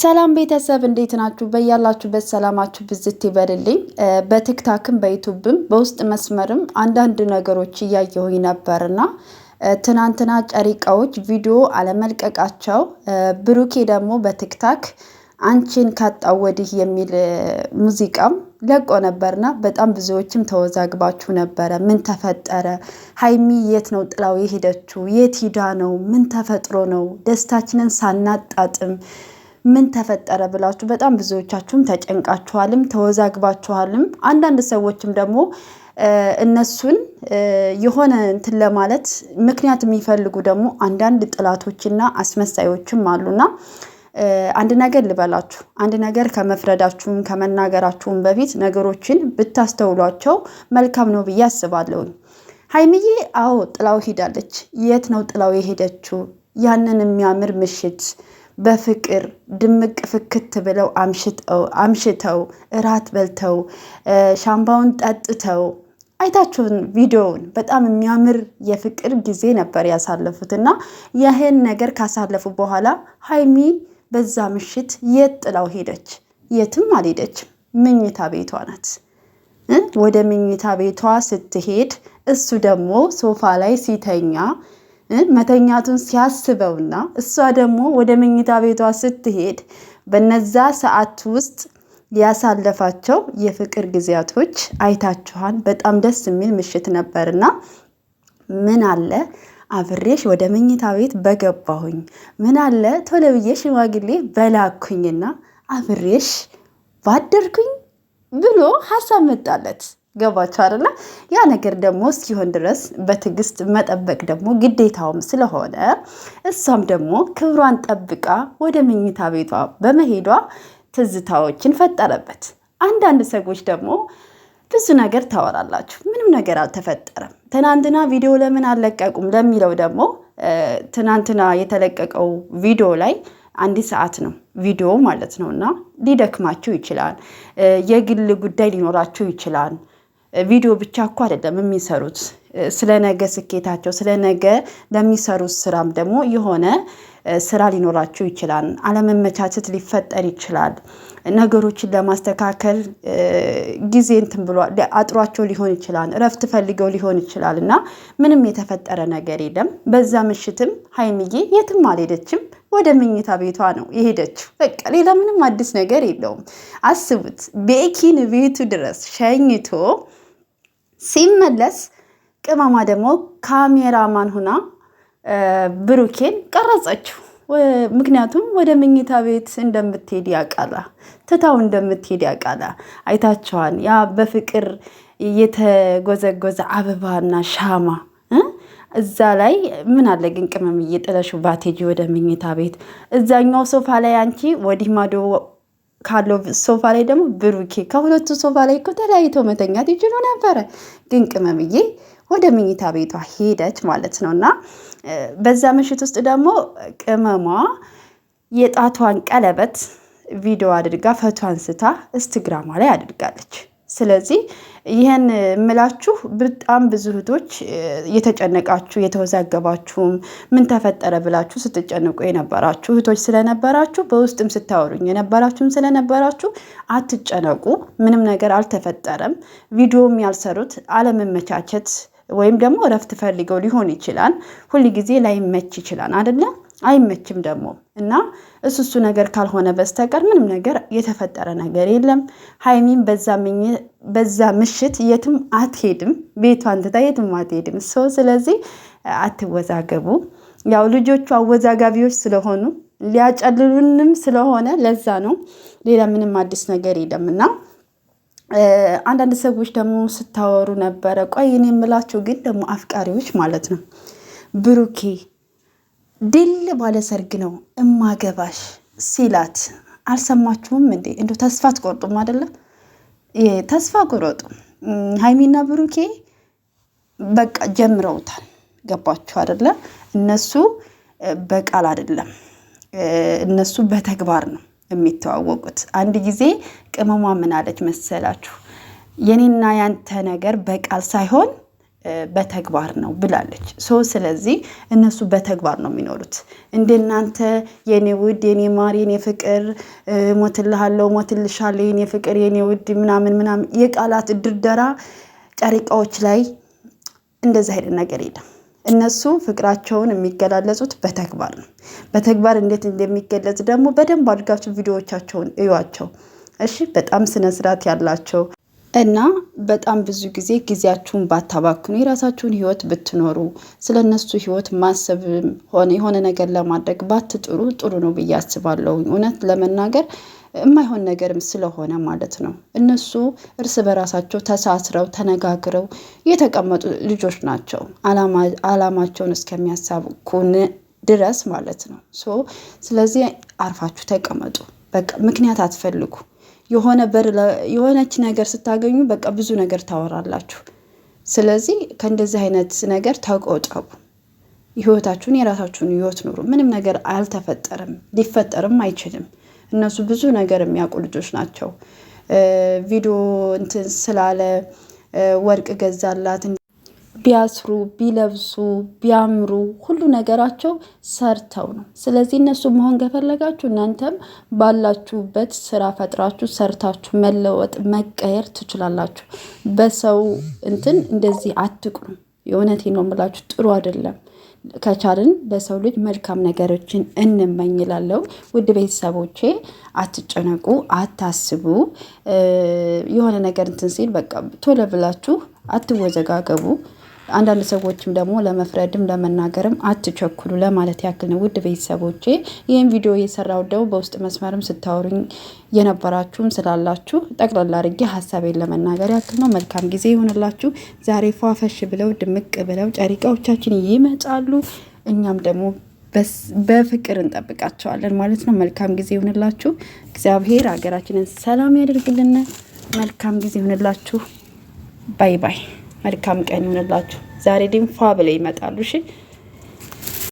ሰላም ቤተሰብ እንዴት ናችሁ? በያላችሁበት ሰላማችሁ ብዝት ይበልልኝ። በቲክታክም በዩቱብም በውስጥ መስመርም አንዳንድ ነገሮች እያየሁኝ ነበርና ትናንትና ጨሪቃዎች ቪዲዮ አለመልቀቃቸው ብሩኬ ደግሞ በቲክታክ አንቺን ካጣው ወዲህ የሚል ሙዚቃም ለቆ ነበርና በጣም ብዙዎችም ተወዛግባችሁ ነበረ። ምን ተፈጠረ? ሀይሚ የት ነው ጥላው የሄደችው? የት ሂዳ ነው? ምን ተፈጥሮ ነው? ደስታችንን ሳናጣጥም ምን ተፈጠረ ብላችሁ በጣም ብዙዎቻችሁም ተጨንቃችኋልም ተወዛግባችኋልም። አንዳንድ ሰዎችም ደግሞ እነሱን የሆነ እንትን ለማለት ምክንያት የሚፈልጉ ደግሞ አንዳንድ ጥላቶችና አስመሳዮችም አሉና አንድ ነገር ልበላችሁ፣ አንድ ነገር ከመፍረዳችሁም ከመናገራችሁም በፊት ነገሮችን ብታስተውሏቸው መልካም ነው ብዬ አስባለሁኝ። ሀይምዬ አዎ ጥላው ሄዳለች። የት ነው ጥላው የሄደችው? ያንን የሚያምር ምሽት በፍቅር ድምቅ ፍክት ብለው አምሽተው እራት በልተው ሻምባውን ጠጥተው አይታችሁን ቪዲዮውን በጣም የሚያምር የፍቅር ጊዜ ነበር ያሳለፉት እና ይህን ነገር ካሳለፉ በኋላ ሀይሚ በዛ ምሽት የት ጥላው ሄደች? የትም አልሄደችም። ምኝታ ቤቷ ናት። ወደ ምኝታ ቤቷ ስትሄድ እሱ ደግሞ ሶፋ ላይ ሲተኛ መተኛቱን ሲያስበውና እሷ ደግሞ ወደ መኝታ ቤቷ ስትሄድ በነዛ ሰዓት ውስጥ ያሳለፋቸው የፍቅር ጊዜያቶች አይታችኋል። በጣም ደስ የሚል ምሽት ነበርና ምን አለ አብሬሽ ወደ መኝታ ቤት በገባሁኝ፣ ምን አለ ቶሎ ብዬ ሽማግሌ በላኩኝና አብሬሽ ባደርኩኝ ብሎ ሀሳብ መጣለት። ገባችሁ አይደለ? ያ ነገር ደግሞ እስኪሆን ድረስ በትዕግስት መጠበቅ ደግሞ ግዴታውም ስለሆነ እሷም ደግሞ ክብሯን ጠብቃ ወደ መኝታ ቤቷ በመሄዷ ትዝታዎችን ፈጠረበት። አንዳንድ ሰዎች ደግሞ ብዙ ነገር ታወራላችሁ፣ ምንም ነገር አልተፈጠረም። ትናንትና ቪዲዮ ለምን አልለቀቁም ለሚለው ደግሞ ትናንትና የተለቀቀው ቪዲዮ ላይ አንድ ሰዓት ነው ቪዲዮ ማለት ነው እና ሊደክማችሁ ይችላል። የግል ጉዳይ ሊኖራችሁ ይችላል። ቪዲዮ ብቻ እኮ አይደለም የሚሰሩት ስለ ነገ ስኬታቸው ስለ ነገ ለሚሰሩት ስራም ደግሞ የሆነ ስራ ሊኖራቸው ይችላል። አለመመቻቸት ሊፈጠር ይችላል። ነገሮችን ለማስተካከል ጊዜ እንትን ብሎ አጥሯቸው ሊሆን ይችላል። እረፍት ፈልገው ሊሆን ይችላል እና ምንም የተፈጠረ ነገር የለም። በዛ ምሽትም ሀይሚዬ የትም አልሄደችም። ወደ መኝታ ቤቷ ነው የሄደችው። በቃ ሌላ ምንም አዲስ ነገር የለውም። አስቡት ቤኪን ቤቱ ድረስ ሸኝቶ ሲመለስ ቅመማ ደግሞ ካሜራማን ሁና ብሩኬን ቀረጸችው። ምክንያቱም ወደ መኝታ ቤት እንደምትሄድ ያቃላ ትታው እንደምትሄድ ያቃላ አይታቸዋን ያ በፍቅር የተጎዘጎዘ አበባና ሻማ እዛ ላይ ምን አለ ግን ቅመም እየጠለሹ ባቴጂ ወደ መኝታ ቤት እዛኛው ሶፋ ላይ አንቺ ወዲህ ማዶ ካለው ሶፋ ላይ ደግሞ ብሩኬ ከሁለቱ ሶፋ ላይ እኮ ተለያይቶ መተኛት ይችሉ ነበረ። ግን ቅመምዬ ወደ መኝታ ቤቷ ሄደች ማለት ነው። እና በዛ ምሽት ውስጥ ደግሞ ቅመሟ የጣቷን ቀለበት ቪዲዮ አድርጋ ፈቷ አንስታ ኢንስታግራሟ ላይ አድርጋለች። ስለዚህ ይህን የምላችሁ በጣም ብዙ እህቶች የተጨነቃችሁ የተወዛገባችሁም ምን ተፈጠረ ብላችሁ ስትጨንቁ የነበራችሁ እህቶች ስለነበራችሁ በውስጥም ስታወሩኝ የነበራችሁም ስለነበራችሁ አትጨነቁ። ምንም ነገር አልተፈጠረም። ቪዲዮም ያልሰሩት አለመመቻቸት ወይም ደግሞ እረፍት ፈልገው ሊሆን ይችላል። ጊዜ ላይመች ይችላል አይደለም አይመችም ደግሞ እና እሱ እሱ ነገር ካልሆነ በስተቀር ምንም ነገር የተፈጠረ ነገር የለም። ሀይሚም በዛ ምሽት የትም አትሄድም፣ ቤቷን ትታ የትም አትሄድም። ሰው ስለዚህ አትወዛገቡ። ያው ልጆቹ አወዛጋቢዎች ስለሆኑ ሊያጨልሉንም ስለሆነ ለዛ ነው። ሌላ ምንም አዲስ ነገር የለም እና አንዳንድ ሰዎች ደግሞ ስታወሩ ነበረ። ቆይ እኔ የምላቸው ግን ደግሞ አፍቃሪዎች ማለት ነው ብሩኬ ድል ባለ ሰርግ ነው እማገባሽ ሲላት አልሰማችሁም እንዴ? እንደ ተስፋ አትቆርጡም አይደለም። ተስፋ ቁረጡ። ሀይሚና ብሩኬ በቃ ጀምረውታል። ገባችሁ አይደለ? እነሱ በቃል አይደለም፣ እነሱ በተግባር ነው የሚተዋወቁት። አንድ ጊዜ ቅመሟ ምን አለች መሰላችሁ? የኔና ያንተ ነገር በቃል ሳይሆን በተግባር ነው ብላለች። ሶ ስለዚህ እነሱ በተግባር ነው የሚኖሩት። እንደናንተ የኔ ውድ የኔ ማር የኔ ፍቅር ሞትልሃለው፣ ሞትልሻለሁ፣ የኔ ፍቅር የኔ ውድ ምናምን ምናምን የቃላት ድርደራ ጨሪቃዎች ላይ እንደዚ አይነት ነገር የለም። እነሱ ፍቅራቸውን የሚገላለጹት በተግባር ነው። በተግባር እንዴት እንደሚገለጽ ደግሞ በደንብ አድርጋችሁ ቪዲዮዎቻቸውን እዩዋቸው እሺ። በጣም ስነስርዓት ያላቸው እና በጣም ብዙ ጊዜ ጊዜያችሁን ባታባክኑ የራሳችሁን ህይወት ብትኖሩ ስለ እነሱ ህይወት ማሰብ ሆነ የሆነ ነገር ለማድረግ ባትጥሩ ጥሩ ነው ብዬ አስባለሁ። እውነት ለመናገር የማይሆን ነገርም ስለሆነ ማለት ነው። እነሱ እርስ በራሳቸው ተሳስረው ተነጋግረው የተቀመጡ ልጆች ናቸው። አላማቸውን እስከሚያሳኩን ድረስ ማለት ነው። ስለዚህ አርፋችሁ ተቀመጡ። በቃ ምክንያት አትፈልጉ። የሆነ በር የሆነች ነገር ስታገኙ በቃ ብዙ ነገር ታወራላችሁ። ስለዚህ ከእንደዚህ አይነት ነገር ተቆጠቡ። ህይወታችሁን የራሳችሁን ህይወት ኑሩ። ምንም ነገር አልተፈጠርም፣ ሊፈጠርም አይችልም። እነሱ ብዙ ነገር የሚያውቁ ልጆች ናቸው። ቪዲዮ እንትን ስላለ ወርቅ ገዛላት ቢያስሩ ቢለብሱ ቢያምሩ ሁሉ ነገራቸው ሰርተው ነው። ስለዚህ እነሱ መሆን ከፈለጋችሁ እናንተም ባላችሁበት ስራ ፈጥራችሁ ሰርታችሁ መለወጥ መቀየር ትችላላችሁ። በሰው እንትን እንደዚህ አትቅሩ። የእውነቴ ነው የምላችሁ፣ ጥሩ አይደለም። ከቻልን ለሰው ልጅ መልካም ነገሮችን እንመኝላለው። ውድ ቤተሰቦቼ አትጨነቁ፣ አታስቡ። የሆነ ነገር እንትን ሲል በቃ ቶሎ ብላችሁ አትወዘጋገቡ። አንዳንድ ሰዎችም ደግሞ ለመፍረድም ለመናገርም አትቸኩሉ ለማለት ያክል ነው። ውድ ቤተሰቦቼ ይህም ቪዲዮ የሰራው ደግሞ በውስጥ መስመርም ስታወሩኝ የነበራችሁም ስላላችሁ ጠቅላላ አድርጌ ሀሳቤን ለመናገር ያክል ነው። መልካም ጊዜ ይሆንላችሁ። ዛሬ ፏፈሽ ብለው ድምቅ ብለው ጨሪቃዎቻችን ይመጣሉ። እኛም ደግሞ በፍቅር እንጠብቃቸዋለን ማለት ነው። መልካም ጊዜ ይሆንላችሁ። እግዚአብሔር ሀገራችንን ሰላም ያደርግልን። መልካም ጊዜ ይሆንላችሁ። ባይ ባይ መልካም ቀን ይሆንላችሁ። ዛሬ ድንፋ ብለ ይመጣሉ። እሺ